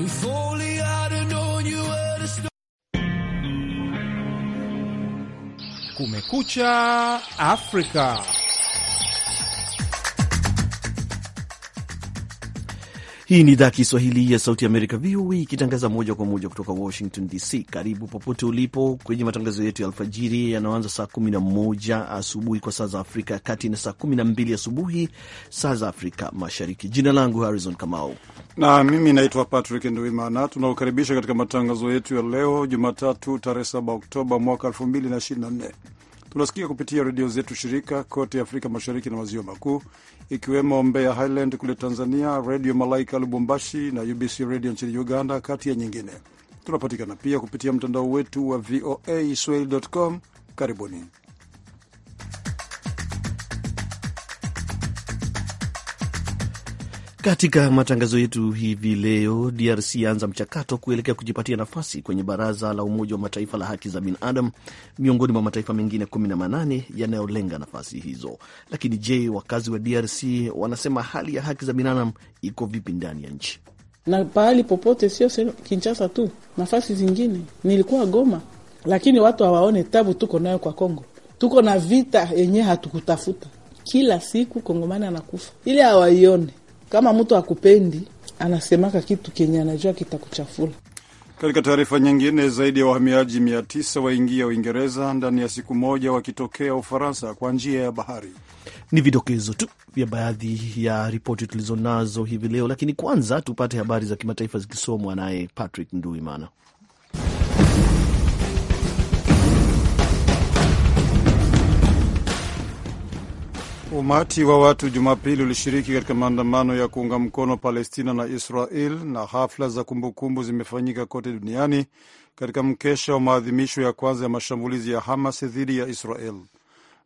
If only I'd Kumekucha Afrika. Hii ni idhaa Kiswahili ya Sauti ya Amerika, VOA, e, ikitangaza moja kwa moja kutoka Washington DC. Karibu popote ulipo kwenye matangazo yetu ya alfajiri yanayoanza saa 11 asubuhi kwa saa za Afrika ya Kati na saa 12 asubuhi saa za Afrika Mashariki. Jina langu Harrison Kamau na mimi naitwa Patrick Nduimana. Tunakukaribisha katika matangazo yetu ya leo Jumatatu, tarehe 7 Oktoba mwaka 2024. Tunasikia kupitia redio zetu shirika kote Afrika Mashariki na Maziwa Makuu, ikiwemo Mbeya Highland kule Tanzania, Redio Malaika Lubumbashi na UBC Redio nchini Uganda, kati ya nyingine. Tunapatikana pia kupitia mtandao wetu wa VOA Swahili.com. Karibuni. Katika matangazo yetu hivi leo, DRC yaanza mchakato kuelekea kujipatia nafasi kwenye baraza la Umoja wa Mataifa la haki za binadamu, miongoni mwa mataifa mengine 18 yanayolenga nafasi hizo. Lakini je, wakazi wa DRC wanasema hali ya haki za binadamu iko vipi ndani ya nchi na pahali popote? Sio Kinshasa tu, nafasi zingine. Nilikuwa Goma, lakini watu hawaone tabu tuko nayo kwa Kongo. Tuko na vita yenyewe hatukutafuta, kila siku Kongomani anakufa ili hawaione kama mtu akupendi, anasemaka kitu kenye anajua kitakuchafula. Katika taarifa nyingine, zaidi ya wahamiaji mia tisa waingia Uingereza ndani ya siku moja wakitokea Ufaransa kwa njia ya bahari. Ni vidokezo tu vya baadhi ya ripoti tulizonazo hivi leo, lakini kwanza tupate habari za kimataifa zikisomwa naye Patrick Nduimana. Umati wa watu Jumapili ulishiriki katika maandamano ya kuunga mkono Palestina na Israel na hafla za kumbukumbu zimefanyika kote duniani katika mkesha wa maadhimisho ya kwanza ya mashambulizi ya Hamas dhidi ya Israel.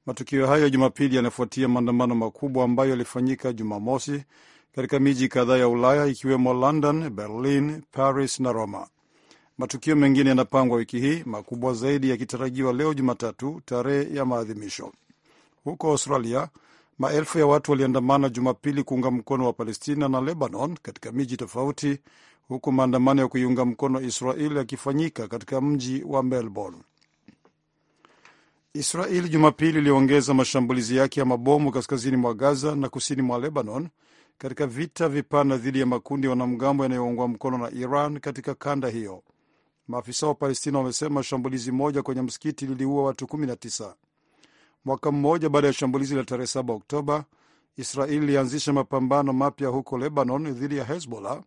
Matukio hayo ya Jumapili yanafuatia maandamano makubwa ambayo yalifanyika Jumamosi katika miji kadhaa ya Ulaya ikiwemo London, Berlin, Paris na Roma. Matukio mengine yanapangwa wiki hii, makubwa zaidi yakitarajiwa leo Jumatatu, tarehe ya maadhimisho. Huko Australia, Maelfu ya watu waliandamana Jumapili kuunga mkono wa Palestina na Lebanon katika miji tofauti, huku maandamano ya kuiunga mkono Israel yakifanyika katika mji wa Melbourne. Israel Jumapili iliongeza mashambulizi yake ya mabomu kaskazini mwa Gaza na kusini mwa Lebanon katika vita vipana dhidi ya makundi ya wanamgambo yanayoungwa mkono na Iran katika kanda hiyo. Maafisa wa Palestina wamesema shambulizi moja kwenye msikiti liliua watu 19. Mwaka mmoja baada ya shambulizi la tarehe 7 Oktoba, Israel ilianzisha mapambano mapya huko Lebanon dhidi ya Hezbollah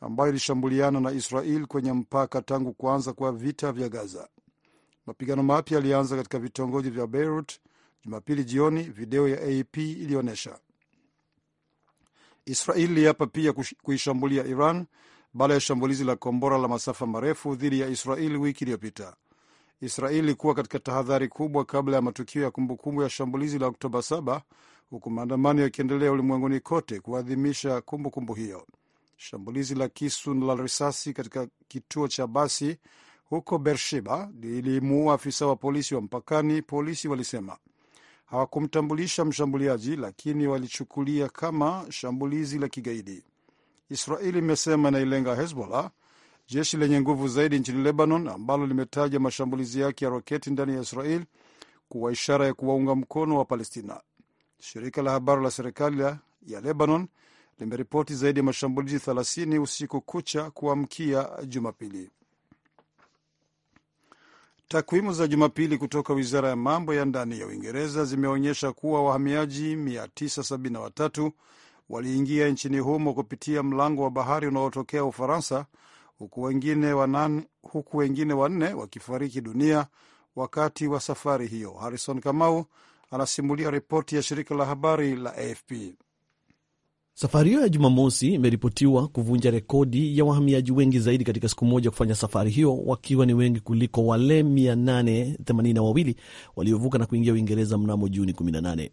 ambayo ilishambuliana na Israel kwenye mpaka tangu kuanza kwa vita vya Gaza. Mapigano mapya yalianza katika vitongoji vya Beirut Jumapili jioni, video ya AP ilionyesha. Israel iliapa pia kuishambulia Iran baada ya shambulizi la kombora la masafa marefu dhidi ya Israel wiki iliyopita. Israeli kuwa katika tahadhari kubwa kabla ya matukio ya kumbukumbu ya shambulizi la Oktoba 7 huku maandamano yakiendelea ulimwenguni kote kuadhimisha kumbukumbu hiyo. Shambulizi la kisu la risasi katika kituo cha basi huko bersheba lilimuua afisa wa polisi wa mpakani. Polisi walisema hawakumtambulisha mshambuliaji, lakini walichukulia kama shambulizi la kigaidi. Israeli imesema inailenga Hezbollah Jeshi lenye nguvu zaidi nchini Lebanon ambalo limetaja mashambulizi yake ya roketi ndani ya Israel kuwa ishara ya kuwaunga mkono wa Palestina. Shirika la habari la serikali ya Lebanon limeripoti zaidi ya mashambulizi 30 usiku kucha kuamkia Jumapili. Takwimu za Jumapili kutoka wizara ya mambo ya ndani ya Uingereza zimeonyesha kuwa wahamiaji 973 waliingia nchini humo kupitia mlango wa bahari unaotokea Ufaransa huku wengine wanan, huku wengine wanne wakifariki dunia wakati wa safari hiyo. Harrison Kamau anasimulia ripoti ya shirika la habari la AFP. Safari hiyo ya Jumamosi imeripotiwa kuvunja rekodi ya wahamiaji wengi zaidi katika siku moja kufanya safari hiyo, wakiwa ni wengi kuliko wale 882 waliovuka na kuingia Uingereza mnamo Juni 18.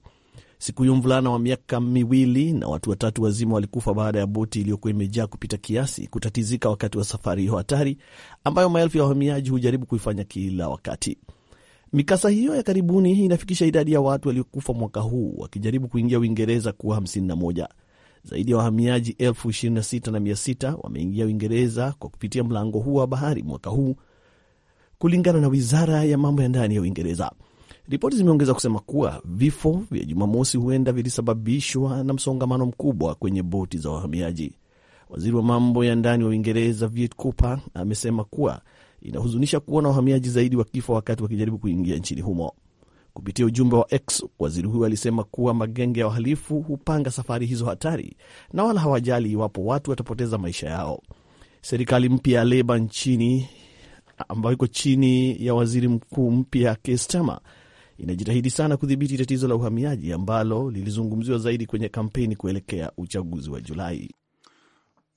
Siku hiyo mvulana wa miaka miwili na watu watatu wazima walikufa baada ya boti iliyokuwa imejaa kupita kiasi kutatizika wakati wa safari hiyo hatari ambayo maelfu ya wahamiaji hujaribu kuifanya kila wakati. Mikasa hiyo ya karibuni inafikisha idadi ya watu waliokufa mwaka huu wakijaribu kuingia Uingereza kuwa 51. Zaidi ya wahamiaji elfu 26 wameingia Uingereza kwa kupitia mlango huu wa bahari mwaka huu kulingana na wizara ya mambo ya ndani ya Uingereza. Ripoti zimeongeza kusema kuwa vifo vya Jumamosi huenda vilisababishwa na msongamano mkubwa kwenye boti za wahamiaji. Waziri wa mambo ya ndani wa Uingereza Viet Cooper amesema kuwa inahuzunisha kuona wahamiaji zaidi wakifa wakati wakijaribu kuingia nchini humo. Kupitia ujumbe wa X, waziri huyo alisema kuwa magenge ya wahalifu hupanga safari hizo hatari na wala hawajali iwapo watu watapoteza maisha yao. Serikali mpya ya Leba nchini ambayo iko chini ya waziri mkuu mpya Keir Starmer inajitahidi sana kudhibiti tatizo la uhamiaji ambalo lilizungumziwa zaidi kwenye kampeni kuelekea uchaguzi wa Julai.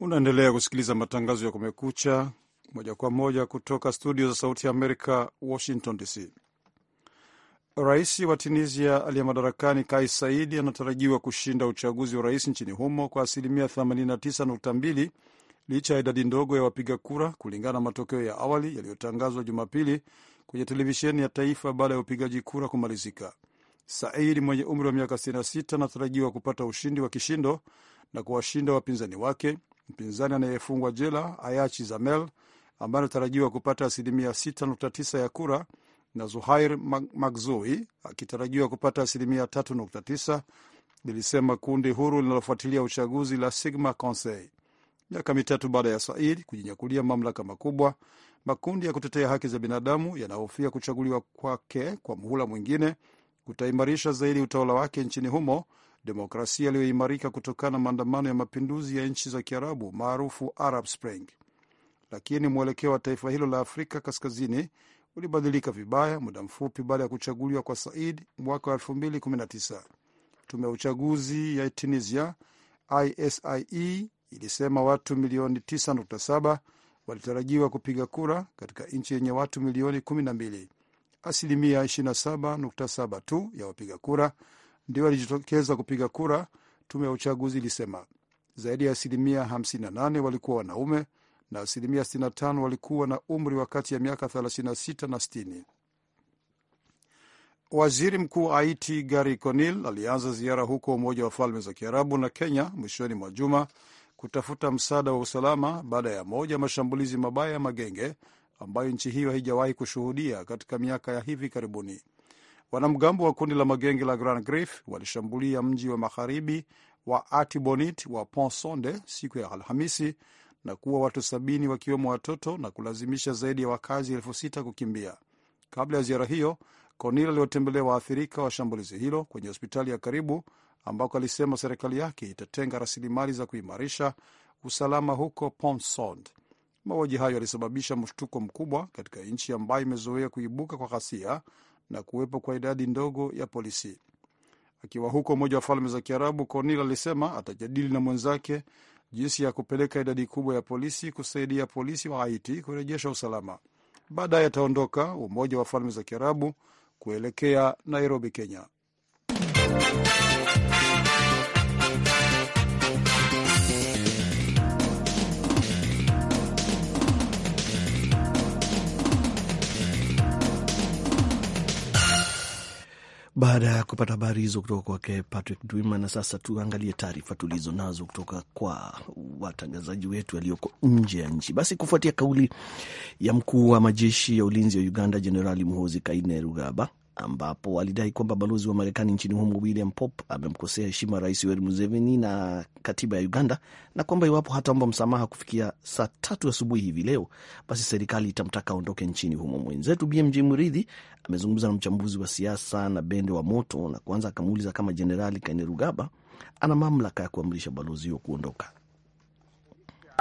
Unaendelea kusikiliza matangazo ya Kumekucha moja kwa moja kutoka studio za Sauti ya Amerika, Washington DC. Rais wa Tunisia aliye madarakani Kais Saidi anatarajiwa kushinda uchaguzi wa rais nchini humo kwa asilimia 89.2 licha ya idadi ndogo ya wapiga kura, kulingana na matokeo ya awali yaliyotangazwa Jumapili kwenye televisheni ya taifa baada ya upigaji kura kumalizika. Said mwenye umri wa miaka 66 anatarajiwa kupata ushindi wa kishindo na kuwashinda wapinzani wake, mpinzani anayefungwa jela Ayachi Zamel ambaye anatarajiwa kupata asilimia 6.9 ya kura na Zuhair Magzui akitarajiwa kupata asilimia 3.9, lilisema kundi huru linalofuatilia uchaguzi la Sigma Conseil. Miaka mitatu baada ya Said kujinyakulia mamlaka makubwa, Makundi ya kutetea haki za binadamu yanahofia kuchaguliwa kwake kwa muhula mwingine kutaimarisha zaidi utawala wake nchini humo, demokrasia iliyoimarika kutokana na maandamano ya mapinduzi ya nchi za Kiarabu maarufu Arab Spring. Lakini mwelekeo wa taifa hilo la Afrika Kaskazini ulibadilika vibaya muda mfupi baada ya kuchaguliwa kwa Said mwaka wa 2019. Tume ya uchaguzi ya Tunisia, ISIE, ilisema watu milioni 9.7 walitarajiwa kupiga kura katika nchi yenye watu milioni 12. Asilimia 27.7 tu ya wapiga kura ndio walijitokeza kupiga kura, tume ya uchaguzi ilisema. Zaidi ya asilimia 58 walikuwa wanaume na asilimia 65 walikuwa na umri wa kati ya miaka 36 na 60. Waziri Mkuu wa Haiti Gari Conil alianza ziara huko Umoja wa Falme za Kiarabu na Kenya mwishoni mwa juma kutafuta msaada wa usalama baada ya moja mashambulizi mabaya ya magenge ambayo nchi hiyo haijawahi kushuhudia katika miaka ya hivi karibuni. Wanamgambo wa kundi la magenge la Grand Grif walishambulia mji wa magharibi wa Artibonite wa Pont Sonde siku ya Alhamisi na kuwa watu sabini wakiwemo watoto na kulazimisha zaidi ya wakazi elfu sita kukimbia. Kabla ya ziara hiyo, Corneille aliotembelea waathirika wa shambulizi hilo kwenye hospitali ya karibu ambako alisema serikali yake itatenga rasilimali za kuimarisha usalama huko Ponsond. Mauaji hayo yalisababisha mshtuko mkubwa katika nchi ambayo imezoea kuibuka kwa ghasia na kuwepo kwa idadi ndogo ya polisi. Akiwa huko Umoja wa Falme za Kiarabu, Cornil alisema atajadili na mwenzake jinsi ya kupeleka idadi kubwa ya polisi kusaidia polisi wa Haiti kurejesha usalama. Baadaye ataondoka Umoja wa Falme za Kiarabu kuelekea Nairobi, Kenya. baada ya kupata habari hizo kutoka kwake Patrick Dwima. Na sasa tuangalie taarifa tulizo nazo kutoka kwa watangazaji wetu walioko nje ya nchi. Basi, kufuatia kauli ya mkuu wa majeshi ya ulinzi ya Uganda Jenerali Muhozi Kainerugaba ambapo alidai kwamba balozi wa Marekani nchini humo William pop amemkosea heshima Rais Yoweri Museveni na katiba ya Uganda, na kwamba iwapo hataomba msamaha kufikia saa tatu asubuhi hivi leo, basi serikali itamtaka aondoke nchini humo. Mwenzetu BMJ mridhi amezungumza na mchambuzi wa siasa na Bende wa Moto, na kwanza akamuuliza kama Jenerali Kainerugaba ana mamlaka ya kuamrisha balozi huyo kuondoka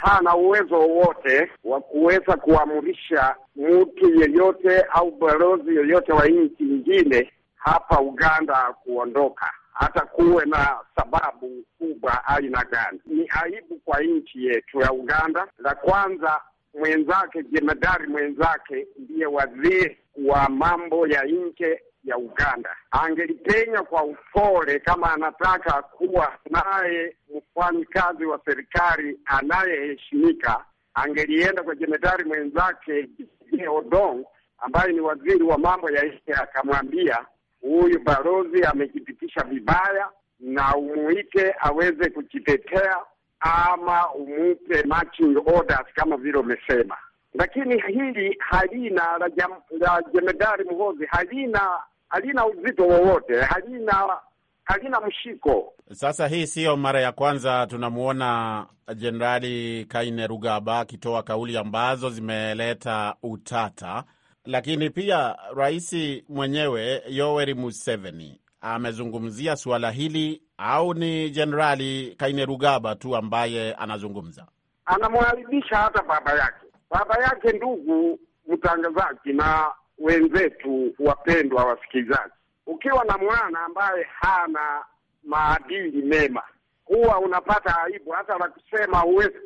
hana uwezo wowote wa kuweza kuamurisha mtu yeyote au balozi yeyote wa nchi nyingine hapa Uganda kuondoka, hata kuwe na sababu kubwa aina gani. Ni aibu kwa nchi yetu ya Uganda. La kwanza, mwenzake jemedari mwenzake ndiye waziri wa mambo ya nje ya Uganda. Angelipenya kwa upole kama anataka kuwa naye mfanyikazi wa serikali anayeheshimika, angelienda kwa jemedari mwenzake Odong ambaye ni waziri wa mambo ya nje, akamwambia huyu balozi amejipitisha vibaya, na umuite aweze kujitetea ama umupe marching orders kama vile umesema. Lakini hili halina la, jam, la jemedari Mhozi halina halina uzito wowote, halina halina mshiko. Sasa hii siyo mara ya kwanza tunamwona Jenerali Kainerugaba akitoa kauli ambazo zimeleta utata, lakini pia rais mwenyewe Yoweri Museveni amezungumzia suala hili, au ni Jenerali Kainerugaba tu ambaye anazungumza? anamwaribisha hata baba yake, baba yake, ndugu mtangazaji, na wenzetu wapendwa wasikilizaji, ukiwa na mwana ambaye hana maadili mema, huwa unapata aibu hata la kusema huwezi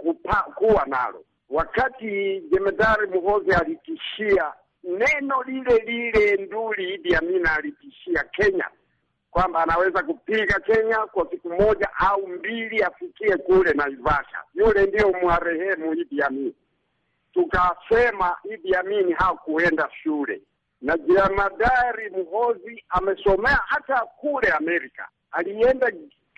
kuwa nalo. Wakati jemedari Muhozi alitishia neno lile lile, nduli Idi Amina alitishia Kenya kwamba anaweza kupiga Kenya kwa siku moja au mbili, afikie kule Naivasha. Yule ndiyo mwarehemu Idi Amina tukasema Idi Amin hakuenda shule, na Jemadari Muhozi amesomea hata kule Amerika, alienda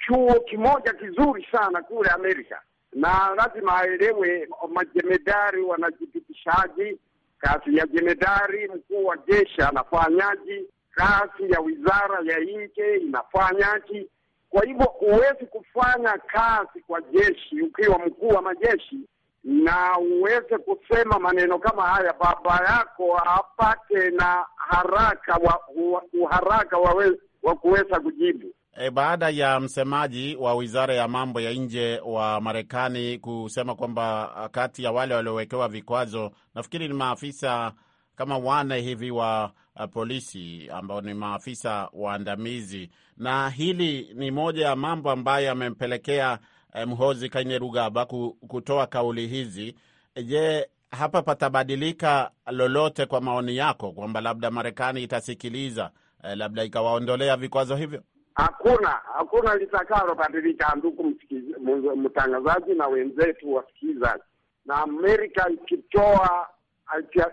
chuo kimoja kizuri sana kule Amerika, na lazima aelewe majemedari wanajipitishaji, kazi ya jemedari mkuu wa jeshi anafanyaji, kazi ya wizara ya nje inafanyaji. Kwa hivyo huwezi kufanya kazi kwa jeshi ukiwa mkuu wa majeshi na uweze kusema maneno kama haya, baba yako apate na haraka wa, uharaka wa, wa kuweza kujibu. E, baada ya msemaji wa wizara ya mambo ya nje wa Marekani kusema kwamba kati ya wale waliowekewa vikwazo nafikiri ni maafisa kama wane hivi wa uh, polisi ambao ni maafisa waandamizi, na hili ni moja ya mambo ambayo yamempelekea Eh, Mhozi Kainerugaba kutoa kauli hizi. Je, hapa patabadilika lolote kwa maoni yako, kwamba labda Marekani itasikiliza eh, labda ikawaondolea vikwazo hivyo? Hakuna, hakuna litakalobadilika, ndugu mtangazaji na wenzetu wasikilizaji Na Amerika ikitoa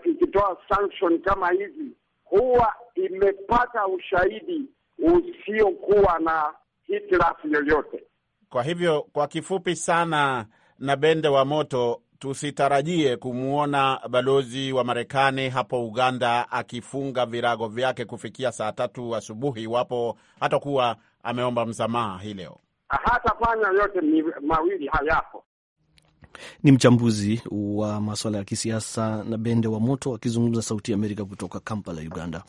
ikitoa sanction kama hizi huwa imepata ushahidi usiokuwa na hitilafu yoyote. Kwa hivyo kwa kifupi sana, na bende wa moto, tusitarajie kumwona balozi wa Marekani hapo Uganda akifunga virago vyake kufikia saa tatu asubuhi iwapo hatakuwa ameomba msamaha hii leo. Hatafanya yote mawili hayapo. Ni mchambuzi wa masuala ya kisiasa na Bende wa Moto akizungumza Sauti ya Amerika kutoka Kampala, Uganda.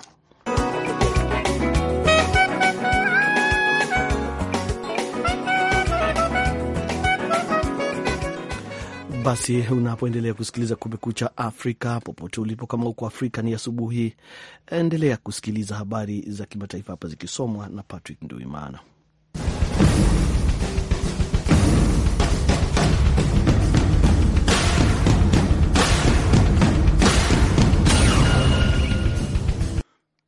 basi unapoendelea kusikiliza Kumekucha Afrika popote ulipo, kama huko Afrika ni asubuhi, endelea kusikiliza habari za kimataifa hapa zikisomwa na Patrick Nduimana.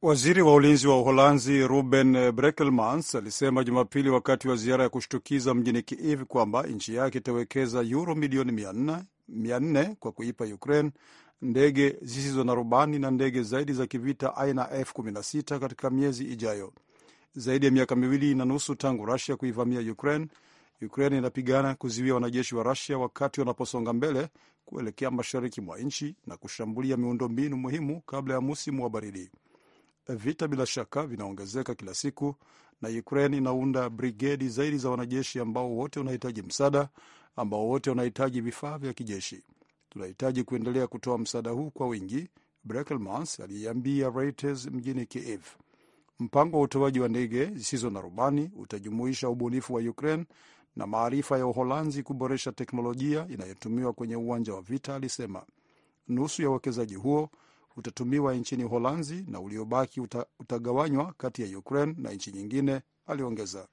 Waziri wa ulinzi wa Uholanzi Ruben Brekelmans alisema Jumapili wakati wa ziara ya kushtukiza mjini Kiev kwamba nchi yake itawekeza yuro milioni 4 kwa kuipa Ukraine ndege zisizo na rubani na ndege zaidi za kivita aina F16 katika miezi ijayo. Zaidi ya miaka miwili na nusu tangu Rusia kuivamia Ukraine, Ukraine inapigana kuziwia wanajeshi wa Rusia wakati wanaposonga mbele kuelekea mashariki mwa nchi na kushambulia miundombinu muhimu kabla ya musimu wa baridi. Vita bila shaka vinaongezeka kila siku, na Ukraine inaunda brigedi zaidi za wanajeshi ambao wote wanahitaji msaada, ambao wote wanahitaji vifaa vya kijeshi. Tunahitaji kuendelea kutoa msaada huu kwa wingi, Brekelmans aliyeambia Reuters mjini Kiev. Mpango wa utoaji wa ndege zisizo na rubani utajumuisha ubunifu wa Ukraine na maarifa ya Uholanzi kuboresha teknolojia inayotumiwa kwenye uwanja wa vita, alisema. Nusu ya uwekezaji huo utatumiwa nchini Uholanzi na uliobaki uta, utagawanywa kati ya Ukraine na nchi nyingine, aliongeza.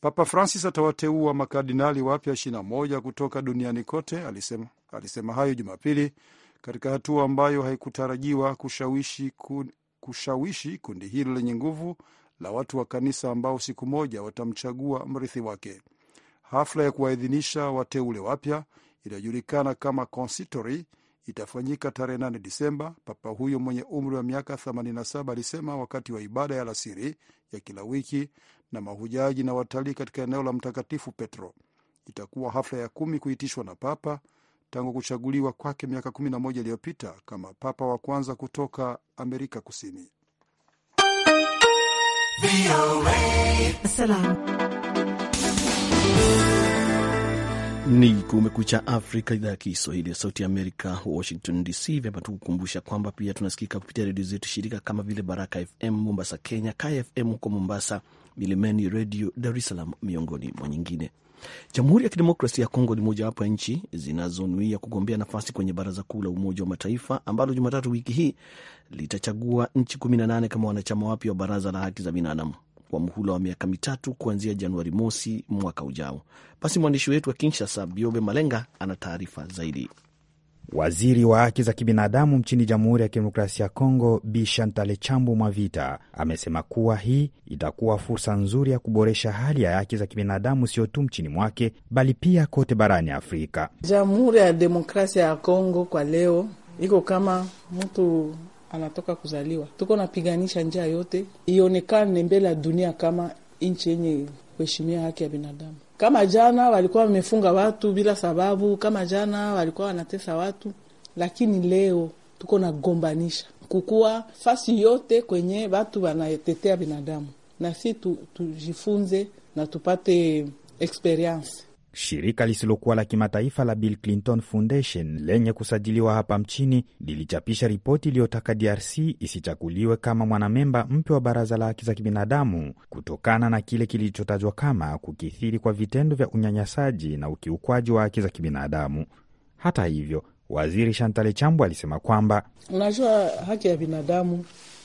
Papa Francis atawateua makardinali wapya 21 kutoka duniani kote, alisema, alisema hayo Jumapili katika hatua ambayo haikutarajiwa kushawishi, kun, kushawishi kundi hilo lenye nguvu la watu wa kanisa ambao siku moja watamchagua mrithi wake. Hafla ya kuwaidhinisha wateule wapya inayojulikana kama konsistori itafanyika tarehe 8 Disemba. Papa huyo mwenye umri wa miaka 87 alisema wakati wa ibada ya alasiri ya kila wiki na mahujaji na watalii katika eneo la Mtakatifu Petro. Itakuwa hafla ya kumi kuitishwa na Papa tangu kuchaguliwa kwake miaka 11 iliyopita kama papa wa kwanza kutoka Amerika Kusini. Salam. Ni Kumekucha Afrika, idhaa ya Kiswahili ya Sauti Amerika, Washington DC. Vyema tukukumbusha kwamba pia tunasikika kupitia redio zetu shirika kama vile Baraka FM Mombasa, Kenya, kfm huko Mombasa, Milimani Redio Dar es Salaam, miongoni mwa nyingine. Jamhuri ya Kidemokrasia ya Kongo ni mojawapo ya nchi zinazonuia kugombea nafasi kwenye Baraza Kuu la Umoja wa Mataifa ambalo Jumatatu wiki hii litachagua nchi 18 kama wanachama wapya wa Baraza la Haki za Binadamu kwa mhula wa miaka mitatu kuanzia Januari mosi mwaka ujao. Basi mwandishi wetu wa Kinshasa, Biobe Malenga, ana taarifa zaidi. Waziri wa haki za kibinadamu nchini Jamhuri ya Kidemokrasia ya Kongo, Bi Shantale Chambu Mwavita amesema kuwa hii itakuwa fursa nzuri ya kuboresha hali ya haki za kibinadamu sio tu nchini mwake bali pia kote barani Afrika. Jamhuri ya Demokrasia ya Kongo kwa leo iko kama mtu anatoka kuzaliwa, tuko napiganisha njia yote ionekane mbele ya dunia kama nchi yenye kuheshimia haki ya binadamu. Kama jana walikuwa wamefunga watu bila sababu, kama jana walikuwa wanatesa watu, lakini leo tuko nagombanisha kukuwa fasi yote kwenye watu wanatetea binadamu, na si tu, na tupate experience Shirika lisilokuwa la kimataifa la Bill Clinton Foundation lenye kusajiliwa hapa mchini lilichapisha ripoti iliyotaka DRC isichaguliwe kama mwanamemba mpya wa baraza la haki za kibinadamu kutokana na kile kilichotajwa kama kukithiri kwa vitendo vya unyanyasaji na ukiukwaji wa haki za kibinadamu. Hata hivyo, waziri Shantale Chambwe alisema kwamba unajua, haki ya binadamu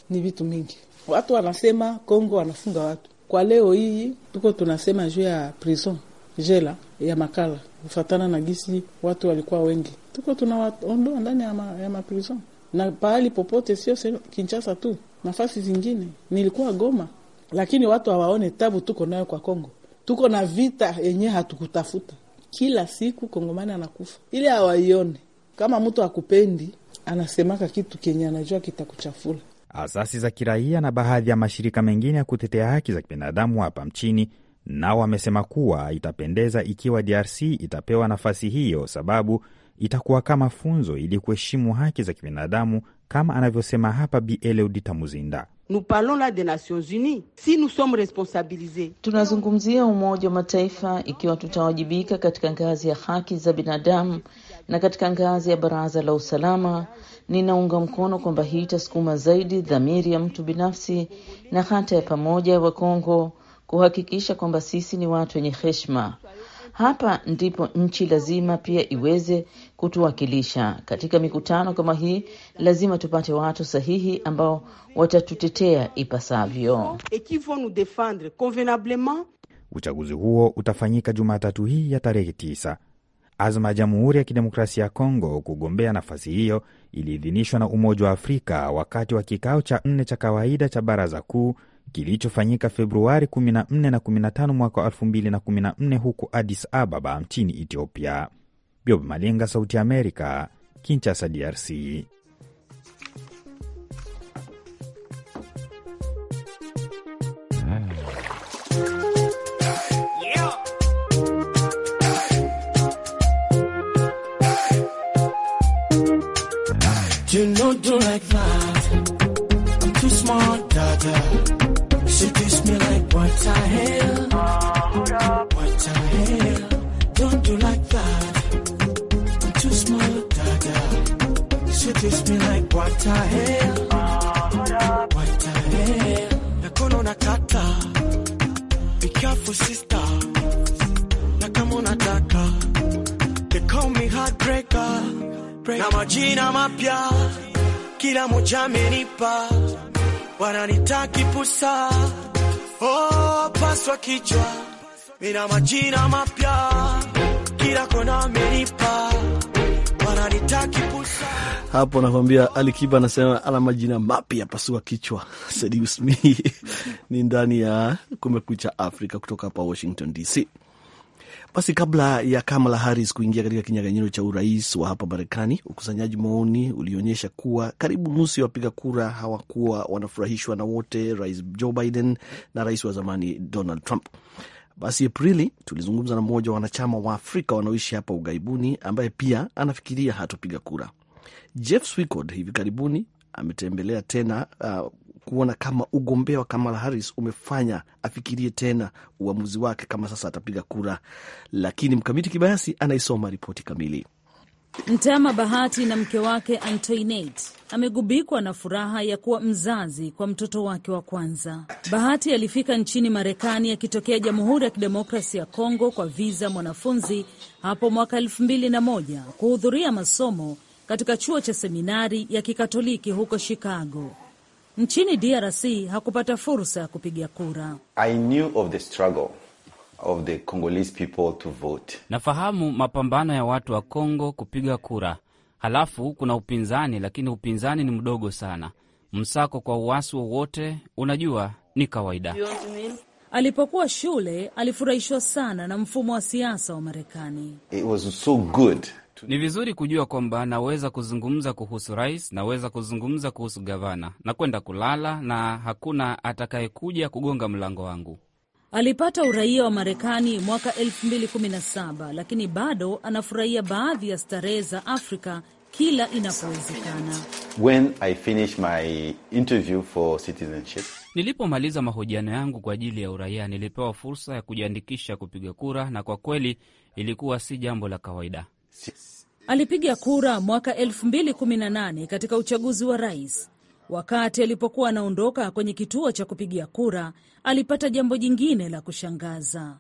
ni vitu mingi. Watu wanasema Kongo wanafunga watu kwa leo hii, tuko tunasema juu ya prison jela ya Makala kufatana na gisi watu walikuwa wengi, tuko tunawaondoa ndani ya, ma, ya maprison na pahali popote, sio Kinshasa tu, nafasi zingine. Nilikuwa Goma, lakini watu hawaone tabu tuko nayo kwa Kongo. Tuko na vita yenye hatukutafuta, kila siku kongomani anakufa ili hawaione. Kama mtu akupendi anasemaka kitu kenye anajua kitakuchafula. Asasi za kiraia na baadhi ya mashirika mengine ya kutetea haki za kibinadamu hapa mchini nao wamesema kuwa itapendeza ikiwa DRC itapewa nafasi hiyo, sababu itakuwa kama funzo ili kuheshimu haki za kibinadamu, kama anavyosema hapa Bi Eleudita Tunazungumzia Umoja wa Mataifa, ikiwa tutawajibika katika ngazi ya haki za binadamu na katika ngazi ya Baraza la Usalama, ninaunga mkono kwamba hii itasukuma zaidi dhamiri ya mtu binafsi na hata ya pamoja wa Wakongo kuhakikisha kwamba sisi ni watu wenye heshima. Hapa ndipo nchi lazima pia iweze kutuwakilisha katika mikutano kama hii. Lazima tupate watu sahihi ambao watatutetea ipasavyo. Uchaguzi huo utafanyika Jumatatu hii ya tarehe tisa. Azma ya Jamhuri ya Kidemokrasia ya Kongo kugombea nafasi hiyo iliidhinishwa na Umoja wa Afrika wakati wa kikao cha nne cha kawaida cha Baraza Kuu kilichofanyika Februari 14 na 15 mwaka 2014 huko Addis Ababa nchini Ethiopia. Bob Malenga, Sauti ya Amerika, Kinshasa, DRC. You know, do like that too smart, Dada. She me like what the hell? What the hell? Don't do like that. I'm too smart, Dada. She me like what the hell? What the hell? Nakono nataka. Be careful, sister. Nakamo nataka. They call me heartbreaker. Na majina mapya kila moja amenipa wananitaki pusa, oh, paswa kichwa, mina majina mapya kila kona amenipa, wananitaki pusa hapo nakwambia, Alikiba anasema ana majina mapya pasua kichwa Sediusmi ni ndani ya Kumekucha Afrika kutoka hapa Washington DC. Basi kabla ya Kamala Harris kuingia katika kinyang'anyiro cha urais wa hapa Marekani, ukusanyaji maoni ulionyesha kuwa karibu nusu ya wapiga kura hawakuwa wanafurahishwa na wote Rais Joe Biden na rais wa zamani Donald Trump. Basi Aprili tulizungumza na mmoja wa wanachama wa Afrika wanaoishi hapa ughaibuni ambaye pia anafikiria hatopiga kura. Jeff Swickord hivi karibuni ametembelea tena uh, kuona kama ugombea wa Kamala Harris umefanya afikirie tena uamuzi wake kama sasa atapiga kura. Lakini Mkamiti Kibayasi anaisoma ripoti kamili. Mtama Bahati na mke wake Antoinette amegubikwa na furaha ya kuwa mzazi kwa mtoto wake wa kwanza. Bahati alifika nchini Marekani akitokea Jamhuri ya Kidemokrasi ya Kongo kwa viza mwanafunzi hapo mwaka elfu mbili na moja kuhudhuria masomo katika chuo cha seminari ya Kikatoliki huko Chicago nchini DRC hakupata fursa ya kupiga kura. I knew of the struggle of the Congolese people to vote. Nafahamu mapambano ya watu wa Kongo kupiga kura. Halafu kuna upinzani, lakini upinzani ni mdogo sana. Msako kwa uasi wowote, unajua, ni kawaida. Alipokuwa shule alifurahishwa sana na mfumo wa siasa wa Marekani. It was so good ni vizuri kujua kwamba naweza kuzungumza kuhusu rais, naweza kuzungumza kuhusu gavana na kwenda kulala, na hakuna atakayekuja kugonga mlango wangu. Alipata uraia wa Marekani mwaka 2017 lakini bado anafurahia baadhi ya starehe za Afrika kila inapowezekana. When I finish my interview for citizenship, nilipomaliza mahojiano yangu kwa ajili ya uraia nilipewa fursa ya kujiandikisha kupiga kura, na kwa kweli ilikuwa si jambo la kawaida. Alipiga kura mwaka 2018 katika uchaguzi wa rais. Wakati alipokuwa anaondoka kwenye kituo cha kupigia kura, alipata jambo jingine la kushangaza: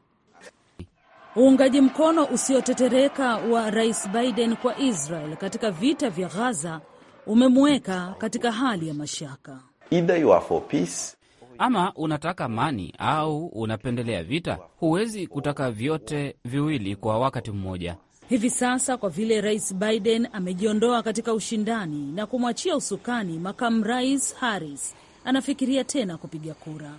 uungaji mkono usiotetereka wa Rais Biden kwa Israel katika vita vya Gaza umemweka katika hali ya mashaka. Either you are for peace, ama unataka amani au unapendelea vita. Huwezi kutaka vyote viwili kwa wakati mmoja. Hivi sasa kwa vile Rais Biden amejiondoa katika ushindani na kumwachia usukani makamu rais Harris, anafikiria tena kupiga kura.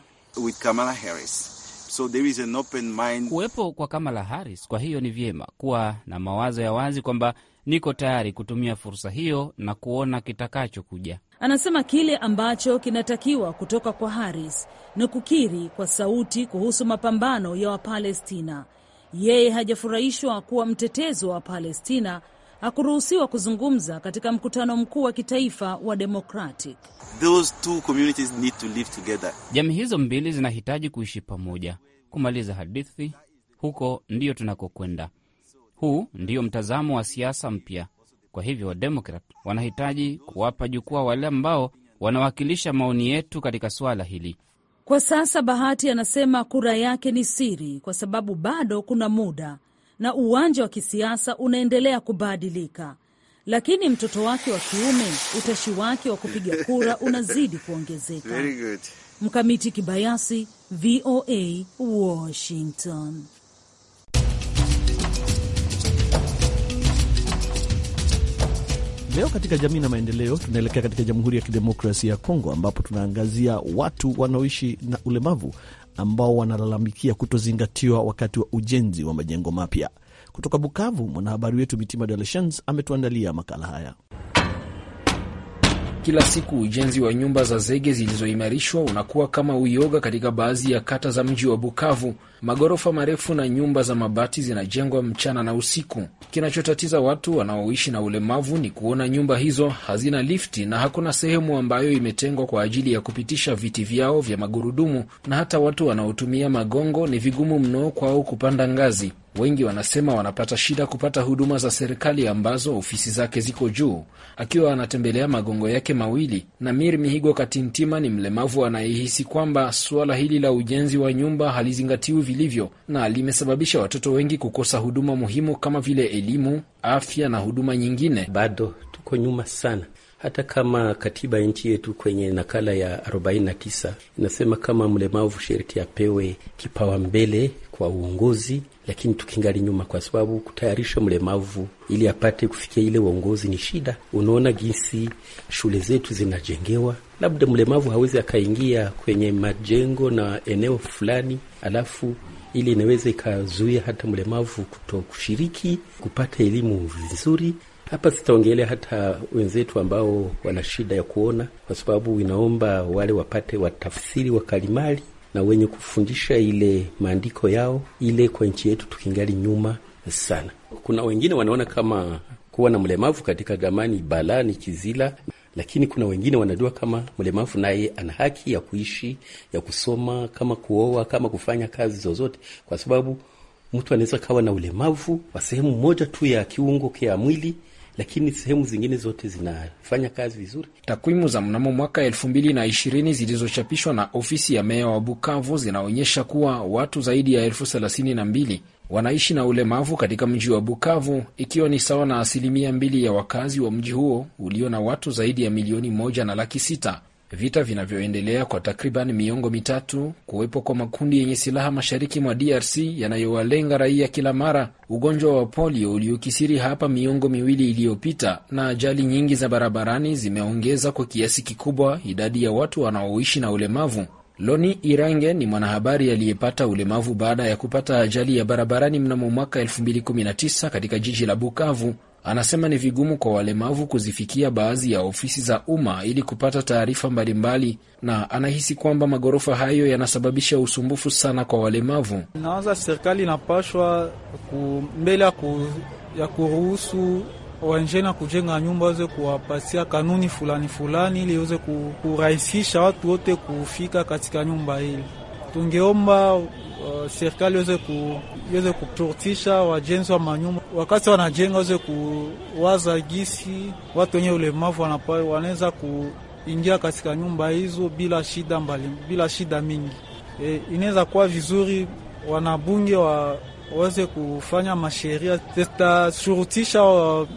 So there is an open mind. Kuwepo kwa Kamala Harris, kwa hiyo ni vyema kuwa na mawazo ya wazi kwamba niko tayari kutumia fursa hiyo na kuona kitakachokuja. Anasema kile ambacho kinatakiwa kutoka kwa Harris ni kukiri kwa sauti kuhusu mapambano ya Wapalestina yeye hajafurahishwa kuwa mtetezi wa Palestina hakuruhusiwa kuzungumza katika mkutano mkuu wa kitaifa wa Democratic. Those two communities need to live together. Jamii hizo mbili zinahitaji kuishi pamoja, kumaliza hadithi. Huko ndiyo tunakokwenda. Huu ndiyo mtazamo wa siasa mpya. Kwa hivyo Wademokrat wanahitaji kuwapa jukwaa wale ambao wanawakilisha maoni yetu katika suala hili. Kwa sasa Bahati anasema kura yake ni siri kwa sababu bado kuna muda na uwanja wa kisiasa unaendelea kubadilika, lakini mtoto wake wa kiume, utashi wake wa kupiga kura unazidi kuongezeka. Mkamiti Kibayasi, VOA, Washington. Leo katika jamii na maendeleo, tunaelekea katika Jamhuri ya Kidemokrasia ya Kongo ambapo tunaangazia watu wanaoishi na ulemavu ambao wanalalamikia kutozingatiwa wakati wa ujenzi wa majengo mapya. Kutoka Bukavu, mwanahabari wetu Mitima De ametuandalia makala haya. Kila siku ujenzi wa nyumba za zege zilizoimarishwa unakuwa kama uyoga katika baadhi ya kata za mji wa Bukavu Maghorofa marefu na nyumba za mabati zinajengwa mchana na usiku. Kinachotatiza watu wanaoishi na ulemavu ni kuona nyumba hizo hazina lifti na hakuna sehemu ambayo imetengwa kwa ajili ya kupitisha viti vyao vya magurudumu, na hata watu wanaotumia magongo ni vigumu mno kwao kupanda ngazi. Wengi wanasema wanapata shida kupata huduma za serikali ambazo ofisi zake ziko juu. Akiwa anatembelea magongo yake mawili, Namir Mihigo Katintima ni mlemavu anayehisi kwamba suala hili la ujenzi wa nyumba halizingatiwi vilivyo na limesababisha watoto wengi kukosa huduma muhimu kama vile elimu, afya na huduma nyingine. Bado tuko nyuma sana hata kama katiba ya nchi yetu kwenye nakala ya 49 inasema kama mlemavu sherti apewe kipawa mbele kwa uongozi, lakini tukingali nyuma, kwa sababu kutayarisha mlemavu ili apate kufikia ile uongozi ni shida. Unaona jinsi shule zetu zinajengewa, labda mlemavu hawezi akaingia kwenye majengo na eneo fulani, alafu ili inaweza ikazuia hata mlemavu kuto kushiriki kupata elimu vizuri. Hapa sitaongelea hata wenzetu ambao wana shida ya kuona, kwa sababu inaomba wale wapate watafsiri wa kalimali na wenye kufundisha ile maandiko yao ile. Kwa nchi yetu tukingali nyuma sana. Kuna wengine wanaona kama kuwa na mlemavu katika jamani balaa ni kizila, lakini kuna wengine wanajua kama mlemavu naye ana haki ya kuishi, ya kusoma, kama kuoa, kama kufanya kazi zozote, kwa sababu mtu anaweza kawa na ulemavu wa sehemu moja tu ya kiungo kya mwili lakini sehemu zingine zote zinafanya kazi vizuri. Takwimu za mnamo mwaka elfu mbili na ishirini zilizochapishwa na ofisi ya meya wa Bukavu zinaonyesha kuwa watu zaidi ya elfu thelathini na mbili wanaishi na ulemavu katika mji wa Bukavu, ikiwa ni sawa na asilimia mbili ya wakazi wa mji huo ulio na watu zaidi ya milioni moja na laki sita vita vinavyoendelea kwa takriban miongo mitatu, kuwepo kwa makundi yenye silaha mashariki mwa DRC yanayowalenga raia kila mara, ugonjwa wa polio uliokisiri hapa miongo miwili iliyopita, na ajali nyingi za barabarani zimeongeza kwa kiasi kikubwa idadi ya watu wanaoishi na ulemavu. Loni Irange ni mwanahabari aliyepata ulemavu baada ya kupata ajali ya barabarani mnamo mwaka 2019 katika jiji la Bukavu Anasema ni vigumu kwa walemavu kuzifikia baadhi ya ofisi za umma ili kupata taarifa mbalimbali, na anahisi kwamba maghorofa hayo yanasababisha usumbufu sana kwa walemavu. Inaanza serikali inapashwa mbele ya kuruhusu wanjena kujenga nyumba weze kuwapatia kanuni fulani fulani, ili iweze kurahisisha watu wote kufika katika nyumba hili. Tungeomba Uh, serikali iweze ku, iweze kutortisha wajenzi wa manyumba wakati wanajenga, weze kuwaza gisi watu wenye ulemavu wanaweza kuingia katika nyumba hizo bila shida mbali, bila shida mingi. E, inaweza kuwa vizuri wanabunge wa waweze kufanya masheria zitashurutisha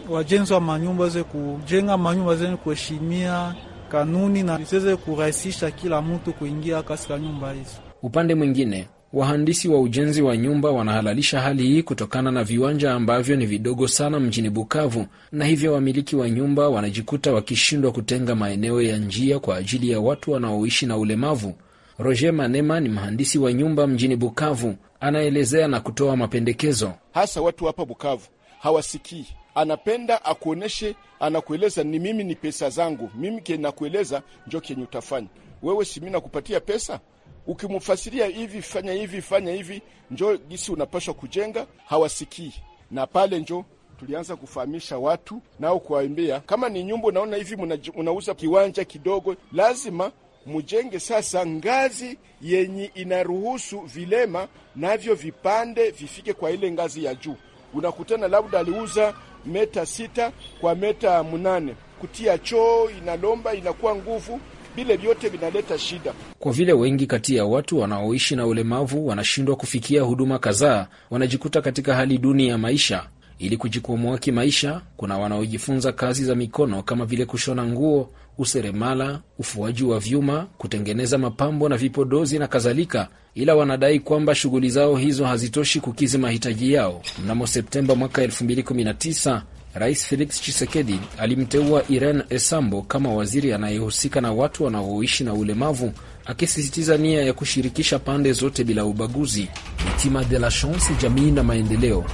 wajenzi wa manyumba waweze kujenga manyumba zenye kuheshimia kanuni na ziweze kurahisisha kila mtu kuingia katika nyumba hizo. Upande mwingine Wahandisi wa ujenzi wa nyumba wanahalalisha hali hii kutokana na viwanja ambavyo ni vidogo sana mjini Bukavu, na hivyo wamiliki wa nyumba wanajikuta wakishindwa kutenga maeneo ya njia kwa ajili ya watu wanaoishi na ulemavu. Roger Manema ni mhandisi wa nyumba mjini Bukavu, anaelezea na kutoa mapendekezo. Hasa watu hapa Bukavu hawasikii anapenda akuoneshe, anakueleza ni mimi, ni pesa zangu mimi, kenakueleza njo kenye utafanya wewe, si mi nakupatia pesa ukimfasiria hivi, fanya hivi, fanya hivi, njo gisi unapashwa kujenga, hawasikii. Na pale njo tulianza kufahamisha watu nao kuwaambia, kama ni nyumba unaona hivi, unauza kiwanja kidogo, lazima mujenge sasa ngazi yenye inaruhusu vilema navyo vipande vifike kwa ile ngazi ya juu. Unakutana labda aliuza meta sita kwa meta munane, kutia choo inalomba, inakuwa nguvu vile vyote vinaleta shida, kwa vile wengi kati ya watu wanaoishi na ulemavu wanashindwa kufikia huduma kadhaa, wanajikuta katika hali duni ya maisha. Ili kujikwamua kimaisha, kuna wanaojifunza kazi za mikono kama vile kushona nguo, useremala, ufuaji wa vyuma, kutengeneza mapambo na vipodozi na kadhalika, ila wanadai kwamba shughuli zao hizo hazitoshi kukidhi mahitaji yao. Mnamo Septemba mwaka 2019 Rais Felix Tshisekedi alimteua Irene Esambo kama waziri anayehusika na watu wanaoishi na ulemavu, akisisitiza nia ya kushirikisha pande zote bila ubaguzi. Mitima de la Chance, jamii na maendeleo,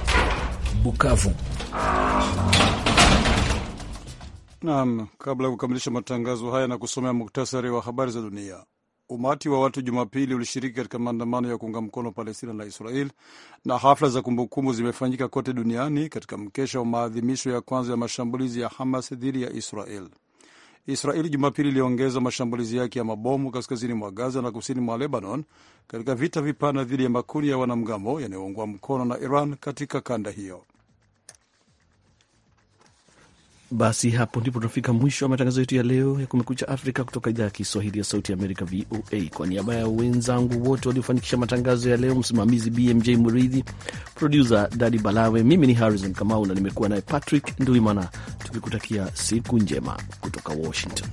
Bukavu. Naam, kabla ya kukamilisha matangazo haya na kusomea muktasari wa habari za dunia. Umati wa watu Jumapili ulishiriki katika maandamano ya kuunga mkono Palestina na Israel, na hafla za kumbukumbu zimefanyika kote duniani katika mkesha wa maadhimisho ya kwanza ya mashambulizi ya Hamas dhidi ya Israel. Israeli Jumapili iliongeza mashambulizi yake ya mabomu kaskazini mwa Gaza na kusini mwa Lebanon katika vita vipana dhidi ya makundi ya wanamgambo yanayoungwa mkono na Iran katika kanda hiyo. Basi hapo ndipo tunafika mwisho wa matangazo yetu ya leo ya Kumekucha Afrika kutoka idhaa ya Kiswahili ya Sauti Amerika, VOA. Kwa niaba ya wenzangu wote waliofanikisha matangazo ya leo, msimamizi BMJ Muridhi, produsa Dadi Balawe, mimi ni Harrison Kamau na nimekuwa naye Patrick Nduimana, tukikutakia siku njema kutoka Washington.